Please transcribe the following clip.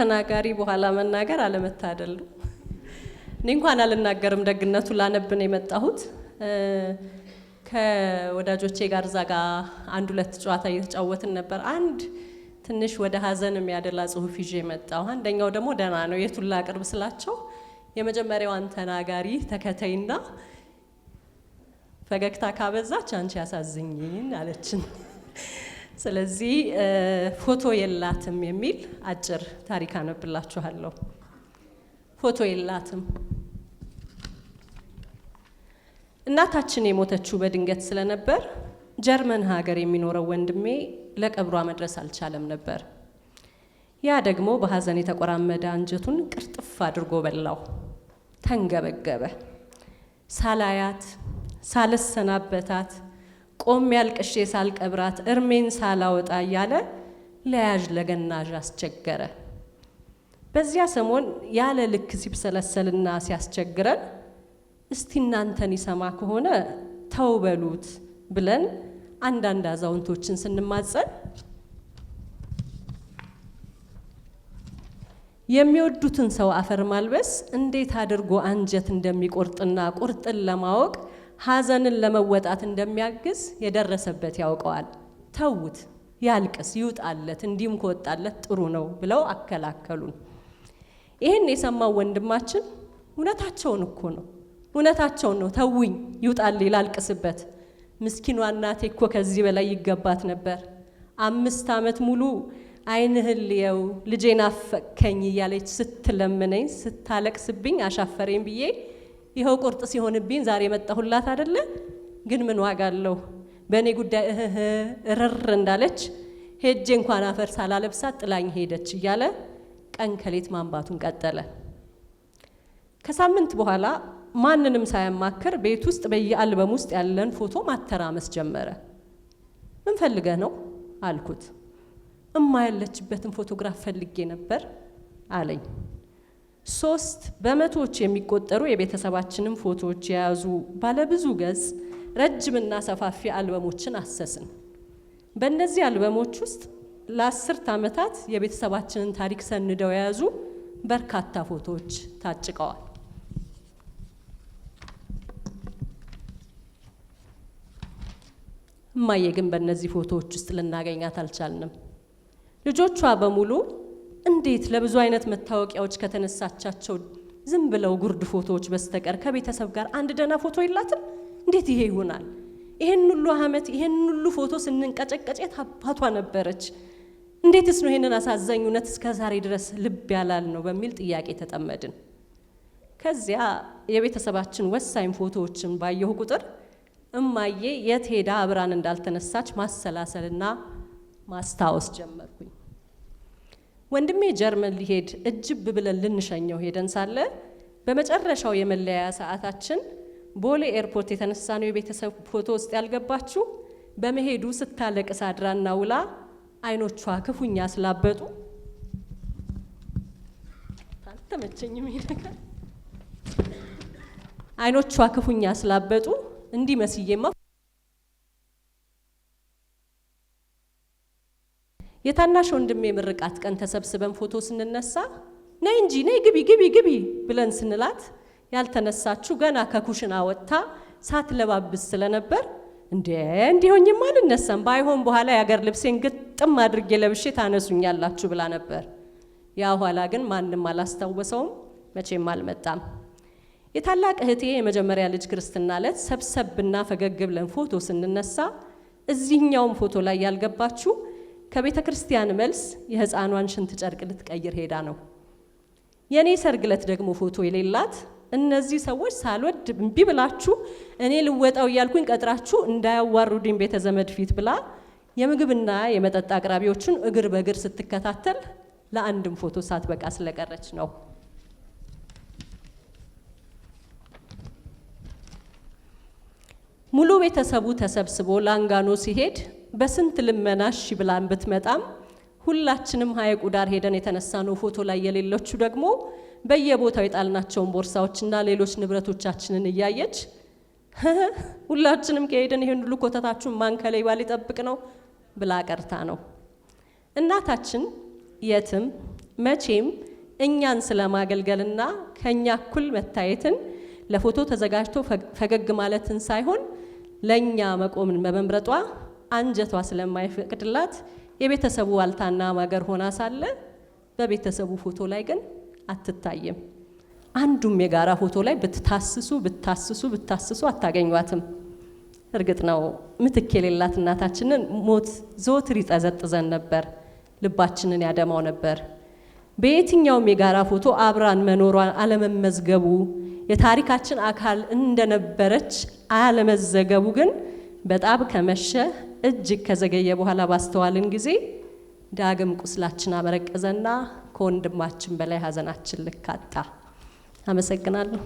ተናጋሪ በኋላ መናገር አለመታደል ነው። እኔ እንኳን አልናገርም፣ ደግነቱ ላነብን የመጣሁት ከወዳጆቼ ጋር እዛ ጋ አንድ ሁለት ጨዋታ እየተጫወትን ነበር። አንድ ትንሽ ወደ ሀዘን የሚያደላ ጽሁፍ ይዤ መጣሁ። አንደኛው ደግሞ ደህና ነው የቱላ ቅርብ ስላቸው የመጀመሪያዋን ተናጋሪ ተከተይና ፈገግታ ካበዛች አንቺ ያሳዝኝን አለችን። ስለዚህ ፎቶ የላትም የሚል አጭር ታሪክ አነብላችኋለሁ። ፎቶ የላትም እናታችን የሞተችው በድንገት ስለነበር ጀርመን ሀገር የሚኖረው ወንድሜ ለቀብሯ መድረስ አልቻለም ነበር። ያ ደግሞ በሐዘን የተቆራመደ አንጀቱን ቅርጥፍ አድርጎ በላው። ተንገበገበ። ሳላያት ሳልሰናበታት ቆም ያልቅሼ ሳልቀብራት እርሜን ሳላወጣ እያለ ለያዥ ለገናዥ አስቸገረ። በዚያ ሰሞን ያለ ልክ ሲብሰለሰልና ሲያስቸግረን እስቲ እናንተን ይሰማ ከሆነ ተው በሉት ብለን አንዳንድ አዛውንቶችን ስንማጸን የሚወዱትን ሰው አፈር ማልበስ እንዴት አድርጎ አንጀት እንደሚቆርጥና ቁርጥን ለማወቅ ሀዘንን ለመወጣት እንደሚያግዝ የደረሰበት ያውቀዋል። ተዉት፣ ያልቅስ፣ ይውጣለት፣ እንዲህም ከወጣለት ጥሩ ነው ብለው አከላከሉን። ይህን የሰማው ወንድማችን እውነታቸውን እኮ ነው እውነታቸውን ነው፣ ተውኝ፣ ይውጣል፣ ላልቅስበት። ምስኪኗ እናቴ እኮ ከዚህ በላይ ይገባት ነበር። አምስት ዓመት ሙሉ ዓይንህን ልየው ልጄን አፈቅከኝ እያለች ስትለምነኝ ስታለቅስብኝ አሻፈረኝ ብዬ ይኸው ቁርጥ ሲሆንብኝ ዛሬ መጣሁላት አደለ? ግን ምን ዋጋ አለው በእኔ ጉዳይ እህህ እርር እንዳለች ሄጄ እንኳን አፈር ሳላለብሳት ጥላኝ ሄደች እያለ ቀን ከሌት ማንባቱን ቀጠለ። ከሳምንት በኋላ ማንንም ሳያማክር ቤት ውስጥ በየአልበም ውስጥ ያለን ፎቶ ማተራመስ ጀመረ። ምን ፈልገህ ነው አልኩት። እማ ያለችበትን ፎቶግራፍ ፈልጌ ነበር አለኝ። ሶስት በመቶዎች የሚቆጠሩ የቤተሰባችንን ፎቶዎች የያዙ ባለብዙ ገጽ ረጅምና ሰፋፊ አልበሞችን አሰስን። በእነዚህ አልበሞች ውስጥ ለአስርት ዓመታት የቤተሰባችንን ታሪክ ሰንደው የያዙ በርካታ ፎቶዎች ታጭቀዋል። እማዬ ግን በእነዚህ ፎቶዎች ውስጥ ልናገኛት አልቻልንም። ልጆቿ በሙሉ እንዴት ለብዙ አይነት መታወቂያዎች ከተነሳቻቸው ዝም ብለው ጉርድ ፎቶዎች በስተቀር ከቤተሰብ ጋር አንድ ደህና ፎቶ የላትም? እንዴት ይሄ ይሆናል? ይሄን ሁሉ ዓመት ይሄን ሁሉ ፎቶ ስንንቀጨቀጭ አባቷ ነበረች። እንዴትስ ነው ይሄንን አሳዛኝ እውነት እስከ ዛሬ ድረስ ልብ ያላል ነው በሚል ጥያቄ ተጠመድን። ከዚያ የቤተሰባችን ወሳኝ ፎቶዎችን ባየሁ ቁጥር እማዬ የት ሄዳ አብራን እንዳልተነሳች ማሰላሰልና ማስታወስ ጀመርኩኝ። ወንድሜ ጀርመን ሊሄድ እጅብ ብለን ልንሸኘው ሄደን ሳለ በመጨረሻው የመለያያ ሰዓታችን ቦሌ ኤርፖርት የተነሳ ነው የቤተሰብ ፎቶ ውስጥ ያልገባችሁ በመሄዱ ስታለቅስ አድራና ውላ አይኖቿ ክፉኛ ስላበጡ አልተመቸኝም። አይኖቿ ክፉኛ ስላበጡ እንዲህ መስዬማ የታናሽ ወንድሜ ምርቃት ቀን ተሰብስበን ፎቶ ስንነሳ ነይ እንጂ ነይ ግቢ ግቢ ግቢ ብለን ስንላት ያልተነሳችሁ ገና ከኩሽና ወጥታ ሳትለባብስ ስለነበር እንዴ እንዲሆኝም አልነሳም ባይሆን በኋላ የአገር ልብሴን ግጥም አድርጌ ለብሼ ታነሱኛላችሁ ብላ ነበር። ያ ኋላ ግን ማንም አላስታወሰውም፣ መቼም አልመጣም። የታላቅ እህቴ የመጀመሪያ ልጅ ክርስትና ዕለት ሰብሰብና ፈገግ ብለን ፎቶ ስንነሳ እዚህኛውም ፎቶ ላይ ያልገባችሁ ከቤተ ክርስቲያን መልስ የህፃኗን ሽንት ጨርቅ ልትቀይር ሄዳ ነው። የእኔ ሰርግ ዕለት ደግሞ ፎቶ የሌላት እነዚህ ሰዎች ሳልወድ እምቢ ብላችሁ እኔ ልወጣው እያልኩኝ ቀጥራችሁ እንዳያዋሩድኝ ቤተ ዘመድ ፊት ብላ የምግብና የመጠጥ አቅራቢዎቹን እግር በእግር ስትከታተል ለአንድም ፎቶ ሳትበቃ ስለቀረች ነው። ሙሉ ቤተሰቡ ተሰብስቦ ላንጋኖ ሲሄድ በስንት ልመና እሺ ብላን ብትመጣም ሁላችንም ሀይቁ ዳር ሄደን የተነሳነው ፎቶ ላይ የሌለችው ደግሞ በየቦታው የጣልናቸውን ቦርሳዎችና ሌሎች ንብረቶቻችንን እያየች ሁላችንም ከሄደን ይህን ሁሉ ኮተታችሁን ማን ከላይ ባል ይጠብቅ ነው ብላ ቀርታ ነው። እናታችን የትም መቼም እኛን ስለማገልገልና ከእኛ እኩል መታየትን ለፎቶ ተዘጋጅቶ ፈገግ ማለትን ሳይሆን ለእኛ መቆምን በመምረጧ አንጀቷ ስለማይፈቅድላት የቤተሰቡ ዋልታና ማገር ሆና ሳለ በቤተሰቡ ፎቶ ላይ ግን አትታይም። አንዱም የጋራ ፎቶ ላይ ብትታስሱ ብታስሱ ብታስሱ አታገኟትም። እርግጥ ነው ምትክ የሌላት እናታችንን ሞት ዘወትር ይጠዘጥዘን ነበር፣ ልባችንን ያደማው ነበር። በየትኛውም የጋራ ፎቶ አብራን መኖሯን አለመመዝገቡ የታሪካችን አካል እንደነበረች አለመዘገቡ ግን በጣም ከመሸ እጅግ ከዘገየ በኋላ ባስተዋልን ጊዜ ዳግም ቁስላችን አመረቀዘና ከወንድማችን በላይ ሀዘናችን ልካጣ። አመሰግናለሁ።